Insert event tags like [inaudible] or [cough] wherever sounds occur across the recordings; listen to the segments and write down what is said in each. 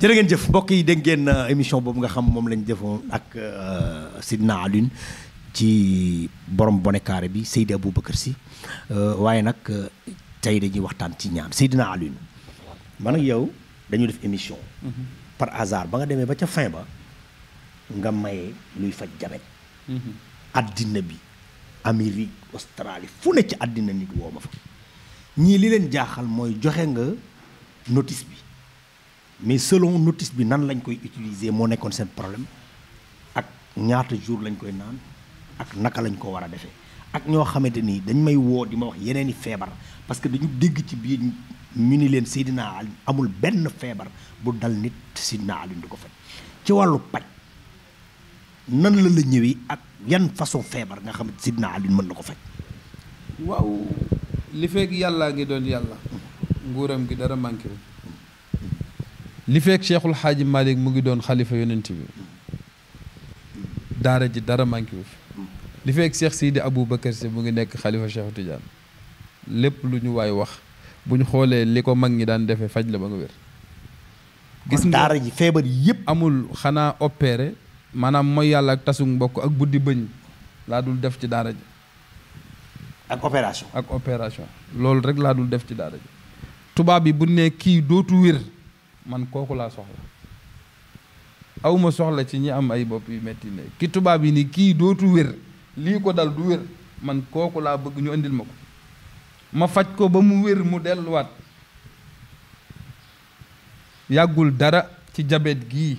jërë ngeen jëf mbokk yi dégg ngeen euh, émission boobu nga xam moom lañ defoon ak euh, Sidna Alioune ci borom bonekaare bi Seydi Aboubacar Sy euh, waaye nag tey dañuy waxtaan ci ñaan Seydina Alioune man ak yow dañu def émission. Mhm. par hasard ba nga demee ba ca fin ba nga maye luy faj jabet. Mhm. addina bi Amérique Australie fu ne ci addina nit woo ma fa ñii li leen jaaxal mooy joxe nga notice bi. mais selon notice bi nan lañ koy utiliser moo nekkoon seen problème ak ñaata jour lañ koy naan ak naka lañ ko war a defee ak ñoo xamante ni dañ may woo di ma wax yeneen i feebar parce que dañu dégg ci biir ñu ni leen Seydina Ali amul benn feebar bu dal nit Seydina Ali du ko faj ci wàllu paj nan la la ñëwee ak yan façon feebar nga xam ne Seydina Ali mën na ko faj. waaw li fekk yàllaa ngi doon yàlla. nguuram gi dara manqué wu li fekk seexul Xaaji Malick mu ngi doon xalifa yonent bi daara ji dara manqué wu fi li fekk Cheikh Sidi Aboubacar si mu ngi nekk xalifa Cheikh Tidiane lépp lu ñu waay wax bu ñu xoolee li ko mag ñi daan defee faj la ba nga wér. gis nga daara ji feebar yëpp. amul xanaa opéré maanaam mooy yàlla ak tasug mbokk ak buddi bëñ laa dul def ci daara ji. ak opération ak opération. loolu rek laa dul def ci daara ji. tubaab yi bu ne kii dootu wér. man kooku laa soxla awma soxla ci ñi am ay bopp yu metti ne ki tubaab yi ni kii dootu wér lii ko dal du wér man kooku laa bëgg ñu indil ma ko ma faj ko ba mu wér mu delluwaat yàggul dara ci jabet gii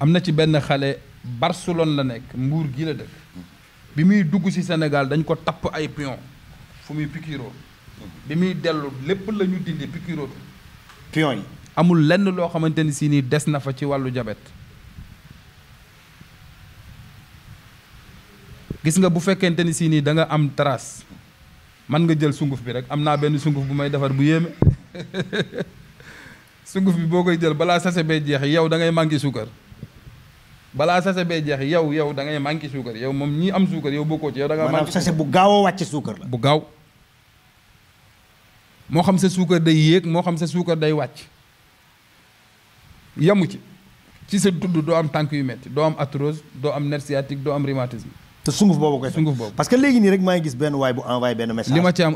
am na ci benn xale Barcelone la nekk mbuur gii la dëkk bi muy dugg ci senegal dañ ko tapp ay pion fu muy pikiroo bi muy dellu lépp la ñu dindi pikirootu pion yi amul lenn loo xamante ni si nii des na fa ci wàllu jabet gis nga bu fekkente ni si nii da nga am trace man nga jël sunguf bi rek am naa benn sunguf bu may defar bu yéeme [laughs] sunguf bi boo koy jël balaa sase bee jeex yow da ngay manqué suukar balaa sase bee jeex yow yow da ngay manqué suukar yow moom ñii am suukar yow bokkoo ci yow da nga manqué bu gaaw a wàcc suukar la bu gaaw moo xam sa suukar day yéeg moo xam sa suukar day wàcc yamu ci ci sa dund doo am tànk yu metti doo am arthrose doo am nerf sciatique doo am rhumatisme te sunguf boobu koy sunguf boobu parce que léegi nii rek maa ngi gis benn waay bu envoyé benn message li ma ci am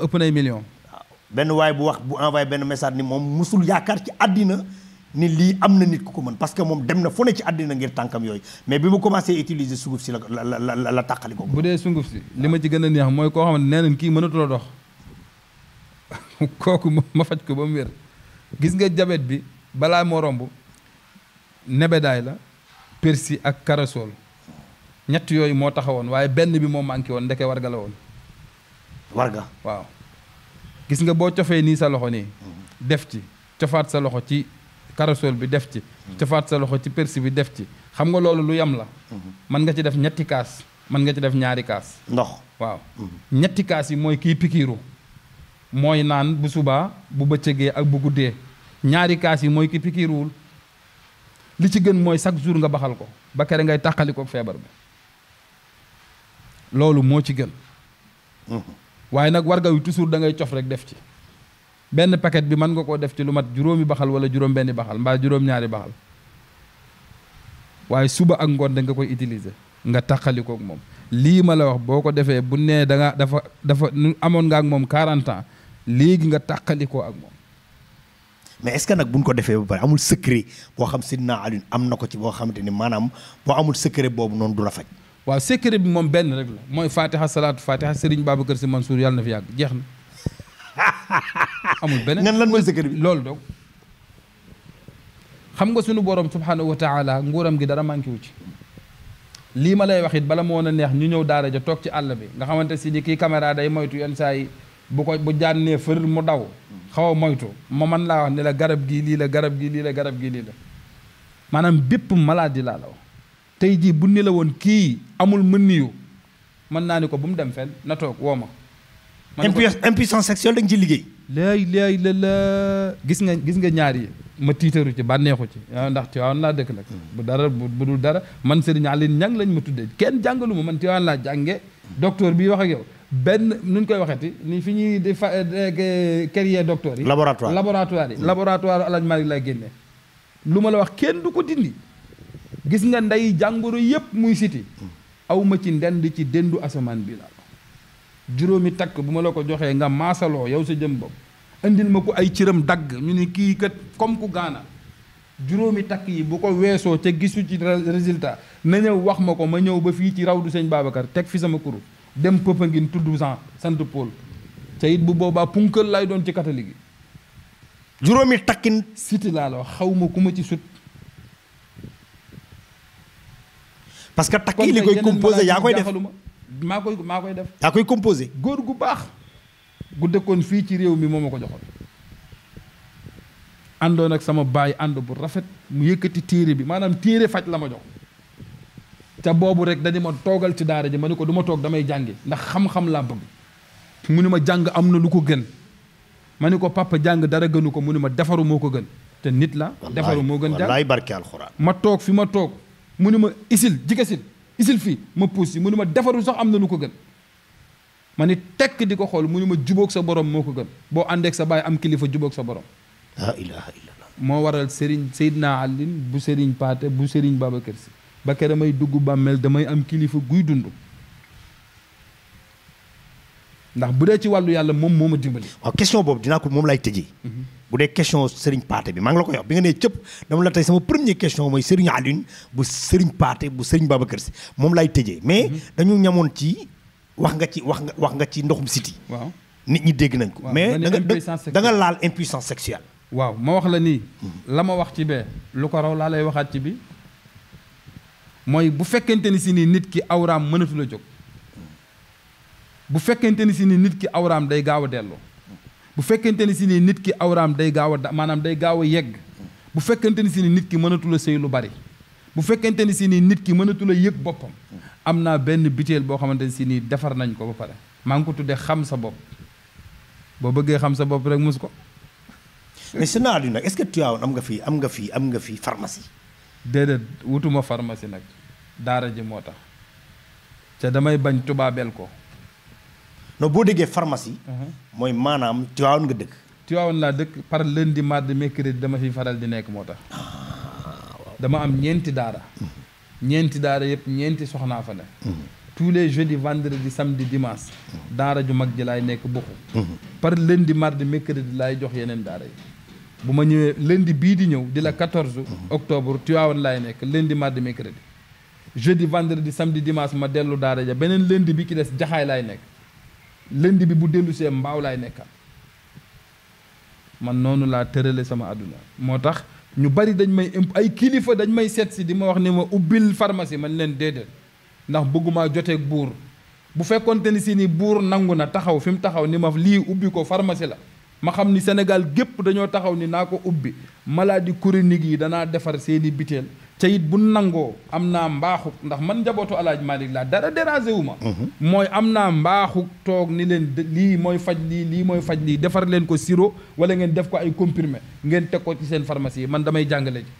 waay bu wax bu envoyé benn message ni moom musul yaakaar ci àddina ni lii am na nit ku ko mën parce que moom dem na foo ne ci àddina ngir tànkam yooyu mais bi mu commencé utiliser sunguf si la la la la tàqali ko bu dee sunguf si li ma ci gën a neex mooy koo xam ne nee nañ kii mënatula dox [laughs] kooku ma faj ko ba mu gis nga jabet bi balaa moo nebedaay la persi ak karasool ñetti yooyu moo taxawoon waaye benn bi moo manqué woon ndeke warga la woon warga waaw gis nga boo cofee nii sa loxo ne mm-hmm. def ci cofaat sa loxo ci karasool bi def ci mm-hmm. cofaat sa loxo ci persi bi def ci xam nga loolu lu yam la mm-hmm. mën nga ci def ñetti kaas mën nga ci def ñaari kaas ndox waaw ñetti kaas yi mooy kii pikiiru mooy naan bu subaa bu bëccëgee ak bu guddee ñaari kaas yi mooy ki pikiiruwul li ci gën mooy chaque jour nga baxal ko ba kere ngay tàqaliko feebar bi loolu moo ci gën mm-hmm. waaye nag warga wi toujours da ngay cof rek def ci benn paquet bi mën nga koo def ci lu mat juróomi baxal wala juróom benni baxal mbaa juróom-ñaari baxal waaye suba ak ngoon danga koy utilise nga tàqalikook moom lii ma la wax boo ko defee bu nee da nga dafa dafa amoon nga ak moom 40 ans léegi nga tàqalikoo ak moom mais est ce que nag ko defee ba pare amul secret boo xam Seydina alin am na ko ci boo xamante ni maanaam boo amul secret boobu noonu du la faj waaw secret bi moom benn rek la mooy fatiha salaatu fatiha Serigne Babacar Sy Mansour yàlla na fi yàgg jeex na [laughs] amul beneen nan lan mooy secret bi loolu dog xam nga sunu borom subhanahu wa taala nguuram gi dara manqué wu ci lii ma lay wax it bala moo a neex ñu ñëw daara ja toog ci àll bi nga xamante si ni kii caméra day moytu yenn saa yi bu ko bu jànnee fër mu daw xaw a moytu ma man laa wax ne la garab gii lii la garab gii lii la garab gi lii la maanaam bépp maladie laa la wax tey jii bu ni la woon kii amul mën niyu mën naa ni ko bu mu dem fenn na toog woo ma impuissance sexuelle dañ ci liggéey laay laay la la gis nga gis nga ñaar yi ma tiitaru ci bànneexu ci ah, ndax Tiwaawan laa dëkk nag hmm. bu dara bu dul dara man Serigne Aline Niang lañ ma tuddee kenn jàngalu ma man Tiwaawan laa jànge docteur bi wax yow benn nuñ koy waxeeti ni fi ñuy di fa eh, eh, carrière docteur yi. laboratoire laboratoire yi. Mm. laboratoire Alaaji Malick lay génne. lu ma la wax kenn du ko dindi. gis nga ndey jàngoro yépp muy siti mm. awma ci ndend ci dendu asamaan bi la juróomi takk bu ma la ko joxee nga maasaloo yow sa jëm bopp. indil ma ko ay cëram dagg ñu ne kii kat comme ku gaana juróomi takk yi bu ko weesoo ca gisu ci résultat na ñëw wax ma ko ma ñëw ba fii ci raw du sëñ Babacar teg fi sama kuru dem Popenguine tudd Jean sant Paul te it bu boobaa punkal lay doon ci catholique yi. juróomi takkin. siti laa la wax xaw ma ku ma ci sut. parce que takk yi li koy composé yaa koy def maa koy maa koy def. yaa koy composé. góor gu baax. gu dëkkoon fii ci réew mi moom ma ko joxoon. àndoon ak sama baay ànd bu rafet mu yëkkati téere bi maanaam téere faj la ma jox. te boobu rek dañu ma toogal ci daara ji ma ne ko duma toog damay jàngi ndax xam-xam laa bëgg mu ne ma jàng am na lu ko gën ma ne ko papa jàng dara gënu ko mu ne ma defaru ko gën te nit la defaru moo gën jàng wallaay barke ma toog fi ma toog mu ne ma isil jikasil isil fii ma puus yi mu ma defaru sax am na lu ko gën ma ni tekk di ko xool mu ne ma jubóog sa borom moo ko gën boo àndeeg sa baay am kilifa jubook sa borom la moo waral Serigne Seydina Alioune bu Serigne Paate bu Serigne Babacar si ba ke damay dugg bàmmeel damay am kilifa guy dund ndax bu dee ci wàllu yàlla moom moo ma dimbali. waaw question boobu dinaa ko moom laay tëjee. Mhm. bu dee question Serigne Pathé bi maa ngi la koy wax bi nga nee cëpp dama la tey sama première question mooy Serigne Alioune bu Serigne paate bu Serigne Babacar Sy moom laay tëjee mais mhm. dañu ñamoon ci wax nga ci wax nga wax nga ci ndoxum siti waaw nit ñi dégg nañ ko. mais da nga da nga laal impuissance sexuelle. waaw ma wax la nii. Mhm. la ma wax ci bee lu ko raw laa waxaat ci bi. mooy bu fekkente ni si ni nit ki awraam mënatul a jóg bu fekkente ni si ni nit ki awraam day gaaw a delloo bu fekkente ni si ni nit ki awraam day gaaw a da maanaam day gaaw a yegg bu fekkente ni si ni nit ki mënatul a sëy lu bari bu fekkente ni si nii nit ki mënatul a yëg boppam am naa benn biteel boo xamante ni si nii defar nañ ko ba pare maa ngi ko tuddee xam sa bopp boo bëggee xam sa bopp rek mus ko mais seen àdduna est-ce que Tivaouane am nga fi am nga fi am nga fi pharmacie déedéet wutuma pharmacie nag daara ji moo tax te damay bañ tubaabeel ko non boo déggee pharmacie mhm. mooy maanaam Tiwaawan nga dëkk Tiwaawan laa dëkk par lundi mardi mercredi dama fi faral di nekk moo tax ah, dama am ñeenti daara mhm. ñeenti daara yëpp ñeenti soxnaa fa ne mhm. tous les jeudis vendredi samedi dimanche daara ju mag ji laay nekk buxu par lundi mardi mercredi laay jox yeneen daara yi bu ma ñëwee lënd bii di ñëw di la 14 octobre Tivaouane laay nekk lundi mardi mercredi jeudi vendredi samedi dimaas ma dellu daara ja beneen lundi bi ki des jaxaay laay nekk lënd bi bu dellu mbaaw laay nekkaat man noonu laa tërale sama àdduna moo tax ñu bari dañ may imp ay kilifa dañ may seet si di ma wax ni ma ubbil pharmacie man leen déedéet ndax bëggumaa joteeg buur bu fekkonte ni si ni buur nangu na taxaw fi mu taxaw ni ma lii ubbi ko pharmacie la ma xam ni senegal gépp dañoo taxaw ni naa ko ubbi maladie chronique yi danaa defar seeni biteel te it bu nangoo am naa mbaaxu ndax man njabootu alaaj Malick laa dara dérangé wu ma mhm. mooy am naa mbaaxu toog ni leen lii mooy faj lii lii mooy faj lii defar leen ko siro wala ngeen def ko ay comprimé ngeen teg ko ci seen pharmacie yi man damay jàngale ji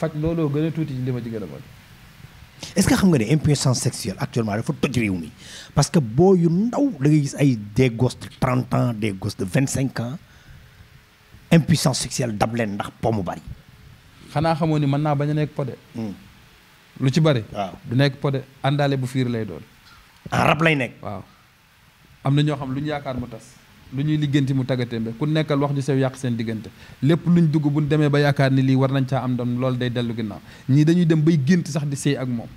faj looloo gën a tuuti li ma ci gën a est-ce que xam nga ne impuissance sexuelle actuellement dafa toj réew mi parce que boo yu ndaw la ngay gis ay des gosses de 30 ans des gosses de 25 ans impuissance sexuelle dab leen ndax po mu bari. xanaa xamoo ni mën naa bañ a nekk po hmm. lu ci bari. waaw du nekk pode de àndaale bu fiir lay doon. ah rab lay nekk. waaw am na ñoo xam lu ñu yaakaar mu tas. lu ñuy liggéenti mu taggatémbe ku nekkal wax ju sew yàq seen diggante lépp luñ dugg buñ demee ba yaakaar ni lii war nañ caa am ndam loolu day dellu ginnaaw ñii dañuy dem bay gént sax di sëy ak moom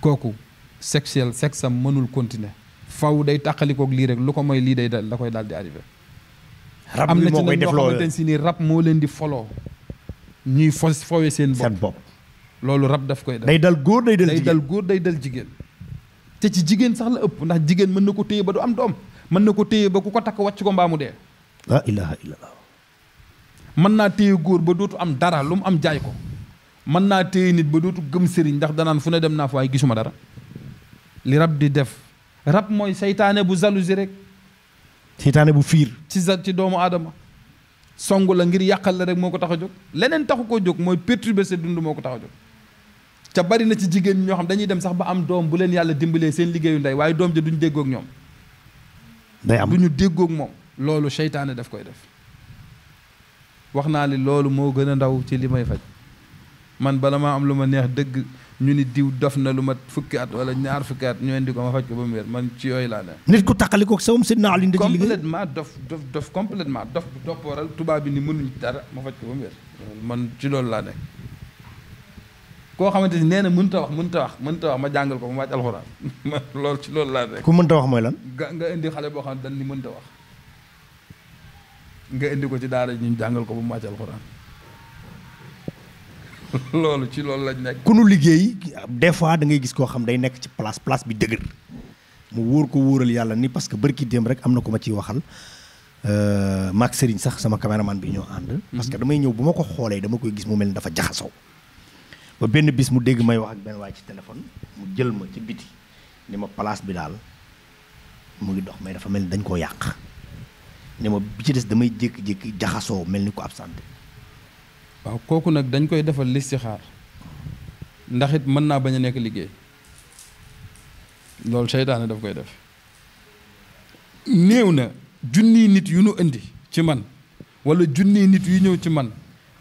kooku sexuel sexe am mënul continuer faw day tàqalikook lii rek lu ko moy lii day dal da koy daal di arrivé am na ci nag ñoo xamante si ni rab moo leen di foloo ñuy fo fowe seen bopp loolu rab daf koy def day dal góor day dal jigéen day dal jigéen te ci jigéen sax la ëpp ndax jigéen mën na ko téye ba du am doom mën na ko téye ba ku ko takk wàcc ko mbaa mu dee laa ilaha illallah mën naa téye góor ba dootu am dara lu mu am jaay ko mën naa téye nit ba dootu gëm sëriñ ndax danaan fu ne dem naa fa waaye gisuma dara li rab di def rab mooy seytaane bu jalousie rek seytaane bu fiir ci sa ci doomu aadama song la ngir yàqal la rek moo ko tax a jóg leneen taxu koo jóg mooy perturber sa dund moo ko tax a jóg ca bari na ci jigéen ñoo xam dañuy dem sax ba am doom bu leen yàlla dimbalee seen liggéeyu ndey waaye doom ja duñ déggoog ñoom day am du ñu déggook moom loolu seytaane daf koy def wax naa li loolu moo gën a ndaw ci li may faj man bala maa am lu ma neex dëgg ñu ni diw dof na lu ma fukki at wala ñaar fukki at ñu indi ko ma faj ko ba mu wér man ci yooyu laa ne nit ku taqalikoo sawum Seydina Ali ndëj liggéey complètement dof dof dof complètement dof bu toppooral tubaab bi ni mënuñ dara ma faj ko ba mu wér man ci loolu laa nekk koo xamante ni nee na mënta wax mënta wax mënta wax ma jàngal ko ma wàcc alxuraan [laughs] ma loolu ci loolu laa rek ku mënta wax mooy lan. nga nga xale boo xam ne dañ ni mënta wax nga indi ko ci daara ji jàngal ko ba mu wàcc alxuraan [laughs] loolu ci loolu lañ nekk. ku nu liggéey des fois da ngay gis koo xam day nekk ci place place bi dëgër mu wóor ko wóoral yàlla ni parce que barki démb rek am na ko ma ciy waxal. Euh, maak Serigne sax sama caméraman bi ñoo ànd. Mm-hmm. parce que damay ñëw bu ma ko xoolee dama koy gis mu mel ni dafa jaxasoo. ba benn bis mu dégg may wax ak benn waay ci téléphone mu jël ma ci biti ni ma place bi daal mu ngi dox may dafa mel ni dañ koo yàq ni ma bi ci des damay jékki-jékki jaxasoo mel ni ko ab absenté waaw kooku nag dañ koy defal listixaar ndaxit mën naa bañ a nekk liggéey loolu seytaane daf koy def néew na junniy nit yu nu indi ci man walla junniy nit yu ñëw ci man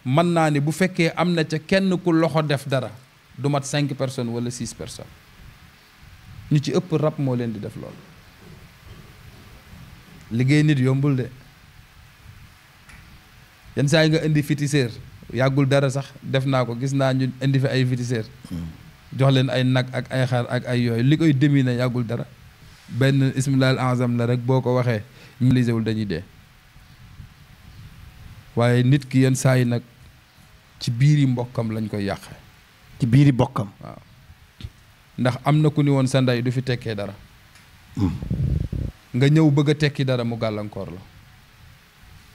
mën naa ni bu fekkee am na ca kenn ku loxo def dara du mat cinq personnes wala six person ñu ci ëpp rab moo leen di def lool liggéey nit yombul de yenn saa yi nga indi féticheur yàggul dara sax def naa ko gis naa ñu indi fi ay féticheur jox leen ay nag ak ay xar ak ay yooy li koy demine yàggul dara benn ismilal enzam la rek boo ko waxee ñu lisewul dañuy dee waaye nit ki yenn saa nag ci biir biiri mbokkam lañ koy yàq ci biiri bokkam waaw ndax am na ku ni woon sa ndey du fi tekkee dara hmm. nga ñëw bëgg a tekki dara mu gàllankoor la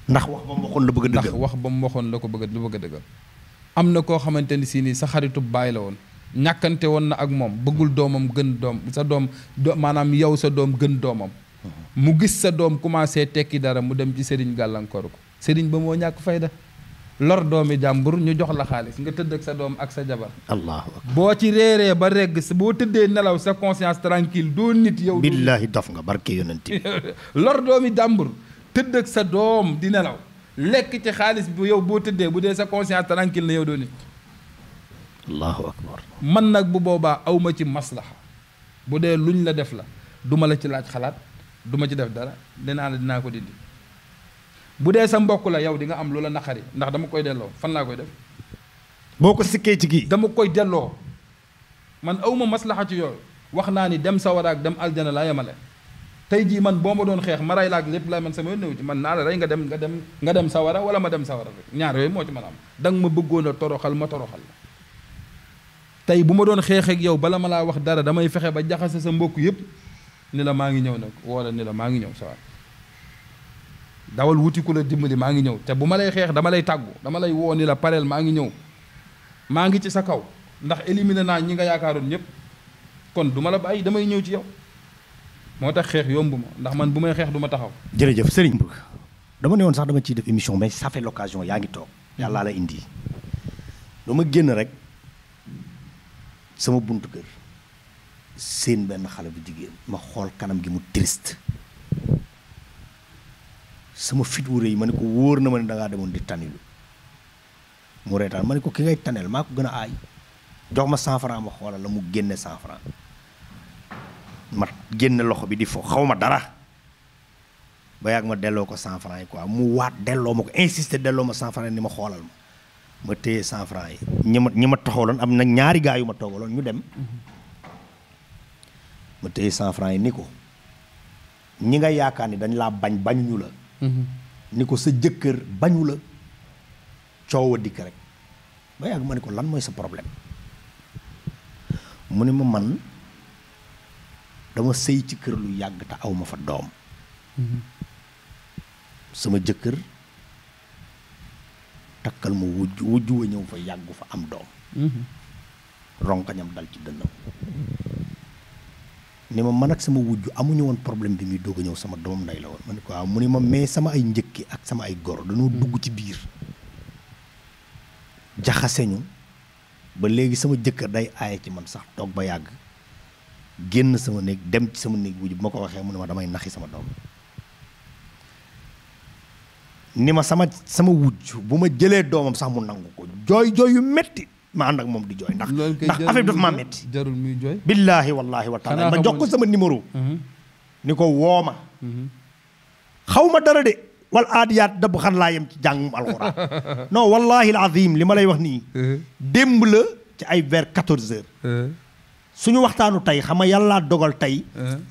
ndax wax ba mu waxoon la bëgg ndax wax ba mu waxoon la ko bëgg lu bëgg a dëggal am na koo xamante ni si nii sa xaritub bàyyi la woon ñàkkante woon na ak moom bëggul doomam gën doom sa doom maanaam yow sa doom gën doomam hmm. mu gis sa doom commencé tekki dara mu dem ci sëriñ gàllankoor ko sëriñ ba moo ñàkk fayda lor doomi jàmbur ñu jox la xaalis nga tëdd ak sa doom ak sa jabar allah boo ci reeree ba regg boo tëddee nelaw sa conscience tranquille doo nit yow billaahi dof nga barke yonent [laughs] lor doomi jàmbur tëdd ak sa doom di nelaw lekk ci xaalis bi yow boo tëddee bu dee sa conscience tranquille na yow doo nit allahu akbar man nag bu boobaa awma ci maslaha bu dee luñ la def la duma la ci laaj xalaat duma ci def dara dinaa la dinaa ko dindi bu dee sa mbokk la yow dinga am lu la naqari ndax dama koy delloo fan laa koy def. boo ko sikkee ci gii dama koy delloo man awma maslaxa ci yooyu wax naa ni dem sawara ak dem aljana laa yemale tey jii man boo ma doon xeex ma rey la ak lépp laa man sama néew ci man naa la rey nga dem nga dem nga dem sawara wala ma dem sawara rek ñaar yooyu moo ci mën a am danga ma bëggoon a toroxal ma toroxal la tey bu ma doon xeex ak yow bala ma laa wax dara damay fexe ba jaxase sa mbokk yëpp ni la maa ngi ñëw nag wala ni maa ngi ñëw sawara dawal wuti ku la dimbali maa ngi ñëw te bu ma lay xeex dama lay tàggu dama lay woo ni la pareel maa ngi ñëw maa ngi ci sa kaw ndax éliminer naa ñi nga yaakaaroon ñëpp kon du ma la bàyyi damay ñëw ci yow moo tax xeex yomb ma ndax man bu may xeex du ma taxaw. jërëjëf Serigne Mbouck dama ne woon sax dama ciy def émission mais ça fait yaa ngi toog yàllaa la indi dama génn rek sama buntu kër seen benn xale bu jigéen ma xool kanam gi mu trist sama fit wu rëy ma ne ko wóor na ma ne dangaa demoon di tanilu mu reetaan ma ne ko ki ngay tanel maa ko gën a ay jox ma 100 francs ma xoolal la mu génne 100 francs ma génne loxo bi di fo xaw ma dara ba yàgg ma delloo ko 100 francs yi quoi mu waat delloo ma ko insister delloo ma 100 francs ni ma xoolal ma ma téye 100 francs yi ñi ma ñi loon am na ñaari gaa yu ma toogaloon ñu dem ma téye 100 francs yi ni ko ñi nga yaakaar ni dañ laa bañ bañ ni ko sa jëkkër bañula la coow a dikk rek ba yàgg ma ne ko lan mooy sa problème mu ne ma man dama sëy ci kër lu yàgg te awma fa doom sama jëkkër takkal ma wujj wujj wa ñëw fa yàggu fa am doom mhm. ronkañam dal ci dënnam ni ma man ak sama wujj amuñu woon problème bi muy doog a ñëw sama doom nday la woon ma ne ko mu ni ma mais sama ay njëkki ak sama ay goro dañoo hmm. dugg ci biir jaxaseñu ba léegi sama jëkkër day aaye ci man sax toog ba yàgg génn sama néeg dem ci sama néeg wujj bu ma ko waxee mu ne ma damay naxi sama doom ni ma sama sama wujj bu ma jëlee doomam sax mu nangu ko jooy jooy yu metti ma ànd ak moom di jooy ndax ndax affaire bi dafa maa metti jarul muy jooy billaahi wallaahi wa taala ma jox ko sama numéro mhm. ni ko wooma mhm. xaw ma dara de wal aadiyaat dabb xan laa yem ci jàngum alxuraan [laughs] non wallaahi alazim li ma lay wax nii mhm. démb la ci ay vers quatorze heures suñu waxtaanu tey xam nga yàlla dogal tey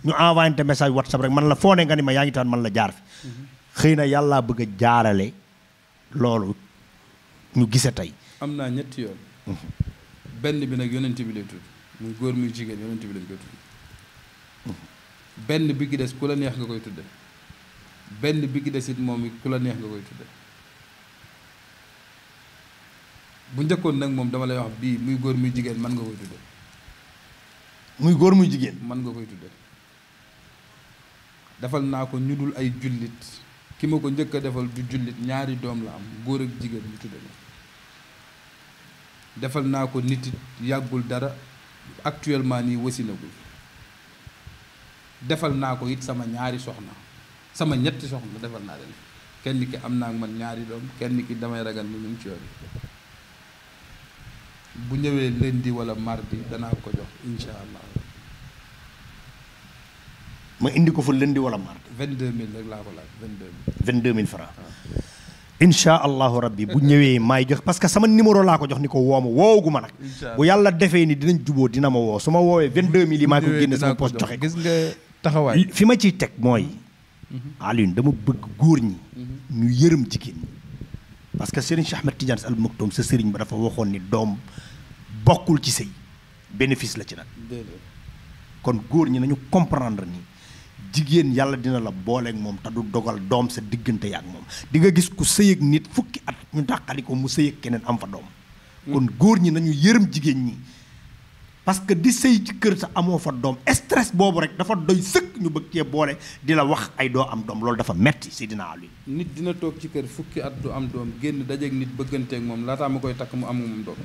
ñu envoyé message whatsapp rek man la foo nga ni ma yaa ngi taan man la jaar fi xëy na yàlla bëgg jaarale loolu ñu gise tey am naa ñetti yoon benn bi nag yonent bi lay tudd muy góor muy jigéen yonent bi lañ koy tudd benn bi gi des ku la neex nga koy tudd benn bi gi moom it ku la koy tudde bu njëkkoon nag moom dama lay wax bii muy góor muy jigéen man nga koy tudde muy góor muy jigéen mën nga koy tudde defal naa ko ñu dul ay jullit ki ma ko njëkk defal du jullit ñaari doom la am góor ak jigéen ñu tudde defal naa ko nit yàggul dara actuellement nii wasinagul defal naa ko it sama ñaari soxna sama ñetti soxna defal naa leen kenn ki am naa man ñaari doom kenn ki damay ragal ni ñu ngi ci yoon bu ñëwee lundi wala mardi danaa ko jox incha allah. ma indi ko fa lundi wala mardi. 22000 rek laa ko laaj 22000. 22000 francs. Ah. incha allahu rabbi bu ñëwee maay jox parce que sama numéro laa ko jox ni ko woo ma woowagu ma nag. bu yàlla defee ni dinañ juboo dina ma woo su ma woowee 22000 yi maa ko génne sama poche joxe gis nga taxawaay fi ma ciy teg mooy. Mhm. Alioune dama bëgg góor ñi. Mhm. ñu yërëm jigéen ñi. parce que Serigne Cheikh Ahmed Tidiane Al Maktoum sa Serigne ba dafa waxoon ni doom bokkul ci sëy bénéfice la ci nag. kon góor ñi nañu comprendre ni. jigéen yàlla dina la booleek moom te du dogal doom sa diggante yaak moom di nga gis ku sëyëg nit fukki at ñu dàqali ko mu sëyëg keneen am fa doom mm. kon góor ñi nañu yërëm jigéen ñi parce que di sëy ci kër sa amoo fa doom stress boobu rek dafa doy sëkk ñu bëgg cee boole di la wax ay doo am doom loolu dafa metti si dina luy nit dina toog ci kër fukki at du am doom génn dajeeg nit bëgganteeg moom laataa ma koy takk mu am moom doom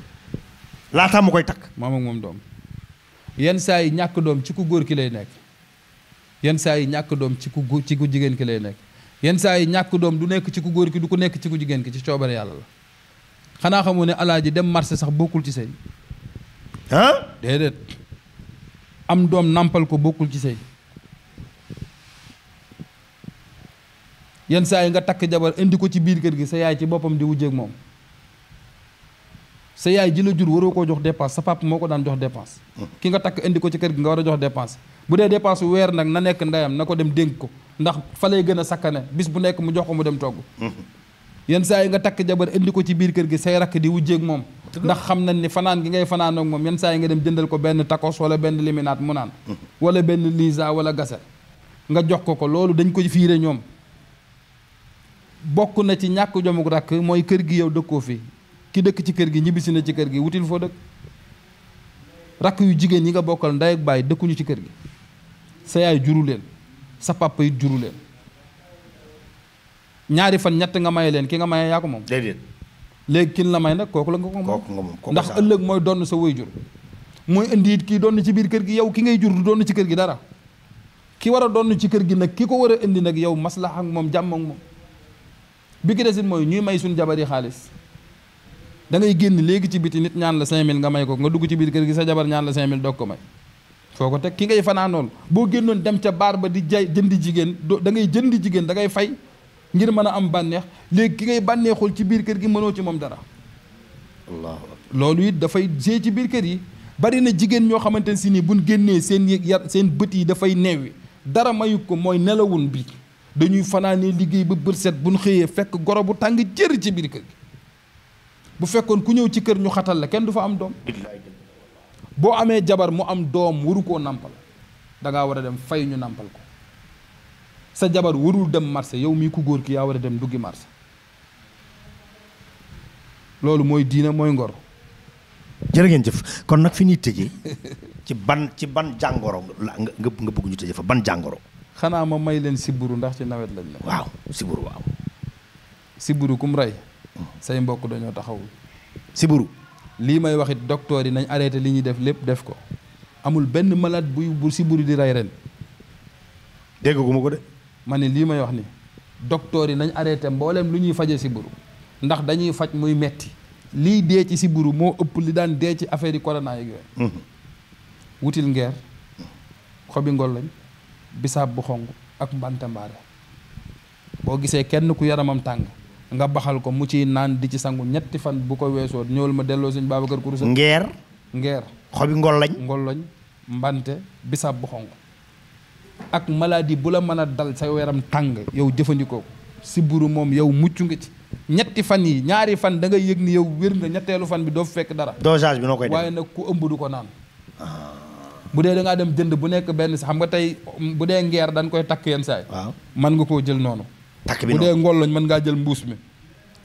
laataa ma koy takk mu moom doom yenn saa yi ñàkk doom ci ku góor ki lay nekk yenn saa yi ñàkk doom ci ku gu ci ku jigéen ki lay nekk yenn saa yi ñàkk doom du nekk ci ku góor ki du ko nekk ci ku jigéen ki ci coobare yàlla la xanaa xamoo ne alaaji dem marché sax bokkul ci sëy ah déedéet am doom nàmpal ko bokkul ci sëy yenn saa yi nga takk jabar indi ko ci biir kër gi sa yaay ci boppam di wujjeeg moom sa yaay ji la jur waroo ko jox dépense sa papa moo ko daan jox dépense hmm. ki nga takk indi ko ci kër gi nga war a jox dépense bu dee dépense weer nag na nekk ndeyam na ko dem dénk ko ndax fa lay gën a sakkane bis bu nekk mu jox ko mu dem togg hmm. yenn saa yi nga takk jabar indi ko ci biir kër gi say rakk di wujjeeg moom ndax xam nañ ni fanaan gi ngay fanaanook moom yenn saa yi nga dem jëndal ko benn takos wala benn liminaat mu naan hmm. wala benn lisa wala gase nga jox ko ko loolu dañ ko fiire ñoom bokk na ci ñàkk jomuk rakk mooy kër gi yow dëkkoo fi ki dëkk ci kër gi ñibbisi na ci kër gi wutil foo dëkk rakk yu jigéen yi nga bokkal ndey ak dëkkuñu ci kër gi sa yaay juru leen sa papa it ñaari fan ñett nga maye ki nga maye yaa moom. déedéet léegi kin la may nag kooku la nga ko ndax ëllëg mooy donn sa way jur mooy indi it kii donn ci biir kër gi yow ki ngay jur du donn ci kër gi dara ki war a donn ci kër gi nag ki ko war a indi nag yow maslaxa ak moom jàmm ak moom bi ki desit mooy ñuy may suñu jabar yi xaalis dangay génn léegi ci biti nit ñaan la 5000 nga may ko nga dugg ci biir kër gi sa jabar ñaan la 5000 doog ko may foo ko teg ki ngay fanaanool boo génnoon dem ca baar ba di jaay jëndi jigéen do dangay ngay jëndi jigéen da ngay fay ngir mën a am bànneex léegi ki ngay bànneexul ci biir kër gi mënoo ci moom dara loolu it dafay jee ci biir kër yi bari na jigéen ñoo xamante ne si nii buñ génnee seen yar seen bët yi dafay neewi dara mayu ko mooy nelawun bi dañuy fanaanee liggéey ba bërset buñ xëyee fekk goro bu tàng jër ci biir bu fekkoon ku ñëw ci kër ñu xatal la kenn du fa am doom boo amee jabar mu am doom waru koo nàmpal dangaa war a dem fay ñu nàmpal ko sa jabar warul dem marché yow mii ku góor ki yaa war a dem duggi marché loolu mooy diina mooy ngor jërë ngeen jëf kon nag fi ñuy tëjee ci ban ci ban jàngoro la nga nga bëgg ñu tëjee fa ban jàngoro xanaa ma may leen siburu ndax ci nawet lañ ne waaw siburu waaw siburu kum rey say mbokk dañoo taxawul siburu lii may wax it yi nañ arrêté li ñuy def lépp def ko amul benn malade buy bu siburu di rey ren dégguma ko de ma ne lii may wax ni docteur yi nañ arrêté mbooleem lu ñuy faje siburu ndax dañuy faj muy metti lii dee ci siburu moo ëpp li daan dee ci affaire yi corona yi wutil ngeer xobi ngol lañ bisaab bu xong ak mbante mbaare boo gisee kenn ku yaramam tàng nga baxal ko mu ciy naan di ci sangu ñetti fan bu ko weesoo ñëwal ma delloo sëñ Babacar Kourousa. ngeer. ngeer xobi ngolloñ. ngolloñ mbante bisaab bu xonq ak maladie bu la mën a dal sa yaram tàng yow jëfandikoo ko sibbiru moom yow mucc nga ci. ñetti fan yi ñaari fan da nga yëg ni yow wér nga ñetteelu fan bi doo fekk dara. dosage bi koy def waaye nag ku ëmb du ko naan. bu dee da ngaa dem jënd bu nekk benn si xam nga tey bu dee ngeer dañ koy takk yenn saay. waaw mën nga koo jël noonu. takk bi bu dee ngolloñ mën ngaa jël mbuus mi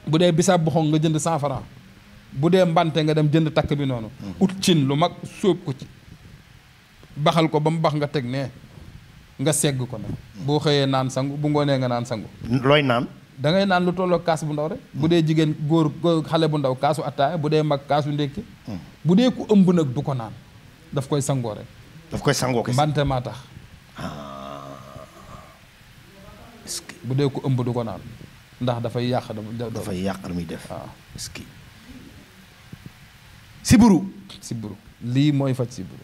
bu dee bisaab bu xonq nga jënd cent bu dee mbante nga dem jënd takk bi noonu hmm. ut cin lu mag sóob ko ci baxal ko ba mu bax nga teg nee nga segg ko nag hmm. boo xëyee naan sangu bu ngoonee nga naan sangu looy naan dangay naan lu tolloo kaas bu ndaw rek bu hmm. dee jigéen góor xale bu ndaw kaasu attaaya bu dee mag kaasu ndékki bu dee ku ëmb nag du ko naan daf koy sangoo rek daf koy sangoo kese mbante maa tax bu dee ko ëmb du ko naan ndax dafay yàq dafay yàq muy def waaw est lii mooy faj siburu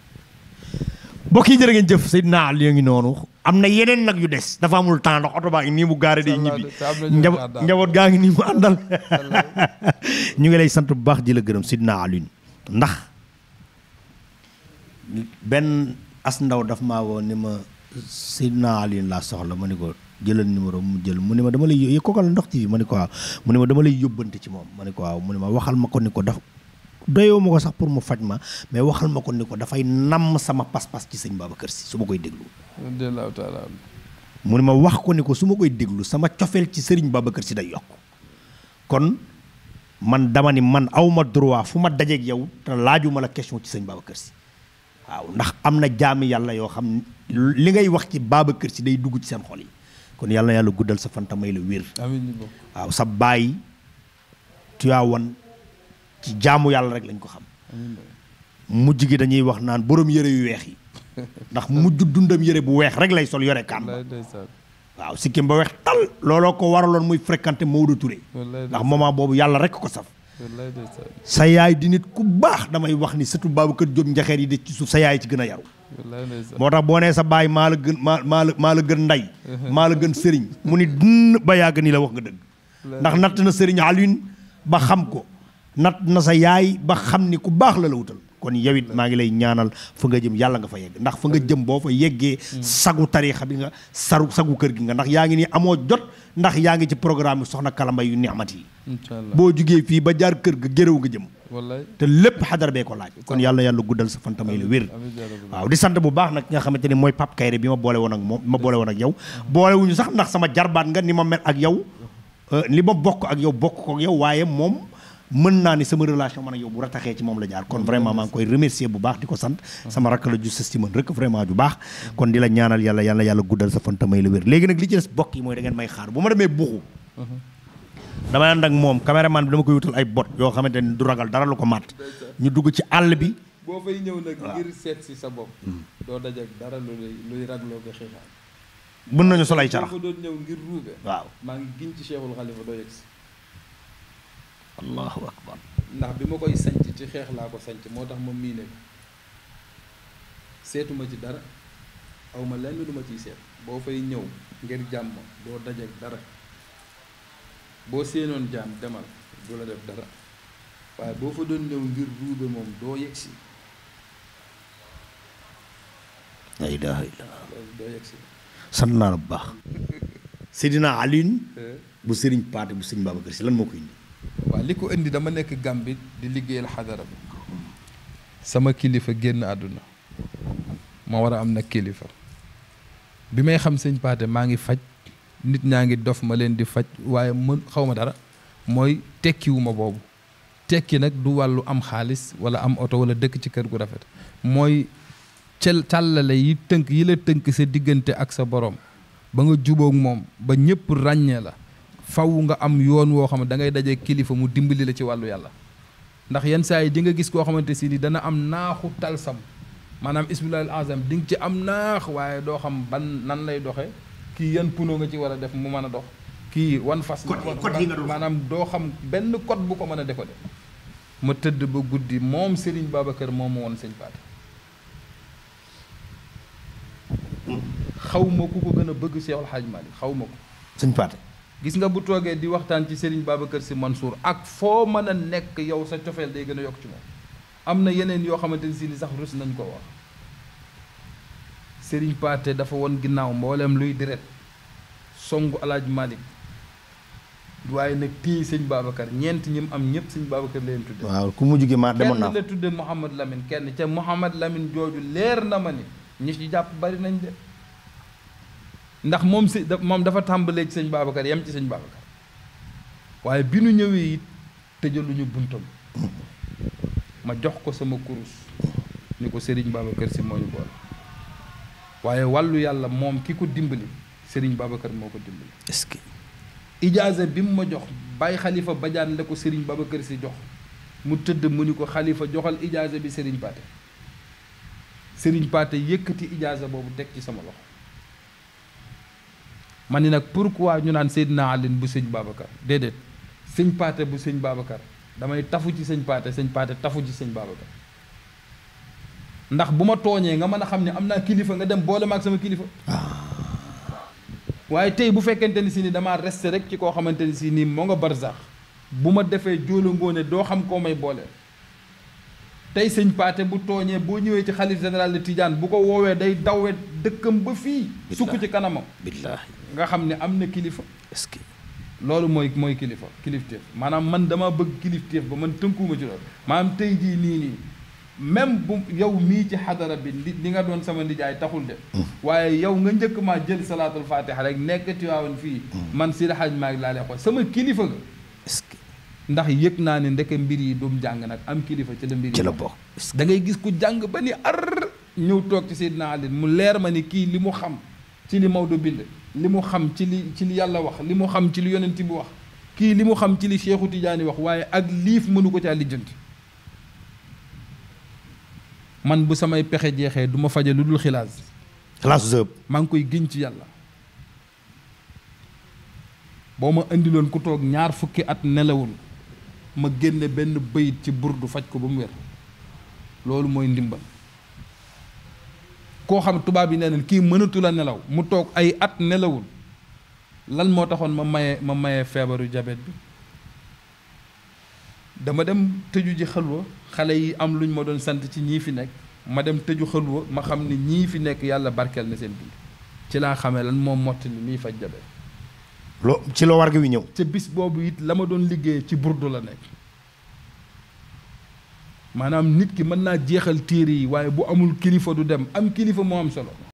mbokk yi jërë ngeen jëf Seydina Ali ngi noonu am na yeneen nag yu des dafa amul temps ndax oto baa ngi nii mu gaare day ñibbi njaboot gaa ngi nii mu àndal [laughs] ñu ngi lay sant bu baax di la gërëm Seydina Alioune ndax benn as ndaw daf maa woo ni ma Seydina Alioune laa soxla ma ni ko jëlal numéro mu jël mu ne ma dama lay ko la ndox TV ma ne ko waaw mu ne ma dama lay yóbbante ci moom ma ne ko waaw mu ma waxal ma ko ni ko daf doyoo ma ko sax pour mu faj ma mais waxal ma ko ni ko dafay namm sama pas-pas ci sëñ Babacar Si su koy déglu. ma wax ko ni ko su ma koy déglu sama cofeel ci sëriñ kër Si day yokk kon man dama ni man aw droit fu ma dajeeg yow te laajuma la question ci sëñ kër Si waaw ndax am na jaami yàlla yoo xam li ngay wax ci baaba kër Si day dugg ci seen xol yi. kon yàlla yàlla guddal sa fanta may la wér waaw sa baay Tiwaawan ci jaamu yàlla rek lañ ko xam mujj gi dañuy wax naan borom yëre yu weex yi [laughs] ndax mujj dundam yére bu weex rek lay sol yore kaam waaw sikkim ba weex tal looloo ko waraloon muy fréquenté Maodo Touré ndax moment boobu yàlla rekk ko saf sa yaay di nit ku baax damay wax ni surtout Babacar Diop njaxeer yi de ci suuf sa yaay ci gën a yaru moo tax boo nee sa baay maa la gën maa maa la maa la gën nday maa la gën sëriñ mu ni dun ba yàgg nii la wax nga dëgg ndax natt na sëriñ Alioune ba xam ko natt na sa yaay ba xam ni ku baax la la wutal kon yow it maa ngi lay ñaanal fa nga jëm yàlla nga fa yegg ndax fa nga jëm boo fa yeggee sagu tariixa bi nga saru sagu kër gi nga ndax yaa ngi nii amoo jot ndax yaa ngi ci programme bi soxna kalambay yu neexmat yi boo jugee fii ba jaar kër gi géréw nga jëm te lépp xadar bee ko laaj kon yàlla yàlla guddal sa fan tamay la wér waaw di sant bu baax nag nga xamante ni mooy Pape Kayre bi ma boole woon ak moom ma boole woon ak yow boolewuñu sax ndax sama jarbaat nga ni ma mel ak yow li euh, ma bokk ak yow bokk ko yow waaye moom mën naa ni sama relation man ak yow bu rataxee ci moom la jaar kon vraiment maa ngi koy remercier bu baax di ko sant sama rakk la ju sës ci man rek vraiment ju baax kon la ñaanal yàlla yàlla yàlla guddal sa fan tamay la yi mooy da ngeen damay ànd ak moom caméraman bi dama koy wutal ay bot yoo xamante ni du ragal dara lu ko mat ñu dugg ci àll bi. boo fay ñëw nag ngir seet si sa bopp. doo dajeeg dara lu lay luy ragloo ko xibaar. mën nañu solay carax boo doon ñëw ngir ruube. waaw maa ngi giñ ci Cheikhul Khalifa doo ndax bi ma koy sanc ci xeex laa ko sanc moo tax ma miine ko seetuma ci dara aw ma lenn lu ciy seet boo fay ñëw ngir jàmm doo dajeeg dara. boo seenoon jaan demal du la def dara waaye boo fa doon ñëw ngir ruube moom doo yegg si la naa la bu baax [laughs] Seydina Alioune eh? bu sëriñ Paate bu sëriñ Babacar Si lan moo ko indi waaw li ko indi dama nekk Gàmbi di liggéeyal xadara bi sama kilifa génn àdduna ma war a am nag kilifa bi may xam sëñ Paate maa ngi faj nit ñaa ngi dof ma leen di faj waaye mën xaw ma dara mooy tekkiwuma boobu tekki nag du wàllu am xaalis wala am oto wala dëkk ci kër gu rafet mooy cel càllale yi tënk yi la tënk sa diggante ak sa boroom ba nga jubook moom ba ñëpp ràññee la faw nga am yoon woo xam ne da ngay daje kilifa mu dimbali la ci wàllu yàlla ndax yenn saa yi di nga gis koo xamante si ni dana am naaxu talsam maanaam ismilaal azam di ci am naax waaye doo xam ban nan lay doxee kii yan puno nga ci war a def mu mën a dox kii wan fas maanaam doo xam benn kot bu ko mën a décoder ma tëdd ba guddi moom Serigne Babacar moom ma woon sëñ Paate xaw ma ku ko gën a bëgg Seexul Xaaj Maalik xaw ko sëñ Paate gis nga bu toogee di waxtaan ci kër si man suur ak foo mën a nekk yow sa cofeel day gën a yokk ci moom am na yeneen yoo xamante ni si ni sax rus nañ ko wax Serigne Pathé dafa woon ginnaaw mboolem luy deret songu alaaj malik waaye nag téye sëñ Babacar ñeent ñi mu am ñëpp sëñ Babacar leen tudde waaw ku mujj gi maar demoon naa kenn tudde Mouhamad Lamine kenn ca Mouhamad lamin jooju leer na ma ni ñi ci jàpp bari nañ de ndax moom si moom dafa tàmbalee ci sëñ Babacar yem ci sañ Babacar waaye bi nu ñëwee it tëjaluñu bunt mm. ma jox ko sama kurus ni ko sëriñ Babacar si moo ñu waaye wàllu yàlla moom ki ko dimbali Serigne Babacar moo ko dimbali. est-ce que. ijaaza bi mu ma jox bàyyi xalifa bajaan la ko Serigne Babacar si jox mu tëdd mu ni ko xalifa joxal ijaaza bi Serigne Pathé Serigne Pathé yëkkati ijaaza boobu teg ci sama loxo. ma ni nag pourquoi ñu naan naa Alioune bu sëñ Babacar déedéet sëñ Pathé bu sëñ Babacar damay tafu ci sëñ Pathé sëñ Pathé tafu ci sëñ Babacar. ndax bu ma tooñee nga mën a xam ni am naa kilifa nga dem boole ak sama kilifa ah. waaye tey bu fekkente ni si ni dama resté rek ci koo xamante ni si nii moo nga barsax bu ma defee jóola ngoone doo xam koo may boole tey sëñ paate bu tooñee boo ñëwee ci xalif général de Tidiane bu ko woowee day dawee dëkkam ba fii sukk ci kanamam billaahi nga xam ne am na kilifa est-ce loolu mooy mooy kilifa kilifteef maanaam man dama bëgg kilifteef ba man tënkuwuma ci loolu maanaam tey jii nii même bu yow mii ci xadara bi li nga doon sama nijaay taxul de waaye yow nga njëkk ma jël salaatul fatiha rek nekk Tiwaawan fii man si daxaaj maa ngi laa lay sama kilifa nga ndax yëg naa ne ndeke mbir yi dum jàng nag am kilifa ci la mbir yi ci la bokk da ngay gis ku jàng ba ni ar ñëw toog ci Seydina Ali mu leer ma ni kii li mu xam ci li Maodo bind li mu xam ci li ci li yàlla wax li mu xam ci li yonent bi wax kii li mu xam ci li Cheikhu Tidiane wax waaye ak liif mënu ko caa lijjanti man bu samay pexe jeexee du ma faje lu dul xilaas xilaas zëb maa ngi koy giñ ci yàlla boo ma indiloon ku toog ñaar fukki at nelawul ma génne benn bëyit ci du faj ko ba mu wér loolu mooy ndimbal koo xam tubaab yi nee na kii mënatu la nelaw mu toog ay at nelawul lan moo taxoon ma maye ma maye feebaru jabet bi dama dem tëju ji xalwa xale yi am lu ñu ma doon sant ci ñii fi nekk ma dem tëju xalwa ma xam ni ñii fi nekk yàlla barkeel na seen dund ci laa xamee lan moom mottali muy faj jabe loo ci loo war gi wi ñëw ca bis boobu it la ma doon liggéey ci burdu la nekk maanaam nit ki mën naa jeexal téere yi waaye bu amul kilifa du dem am kilifa moo am solo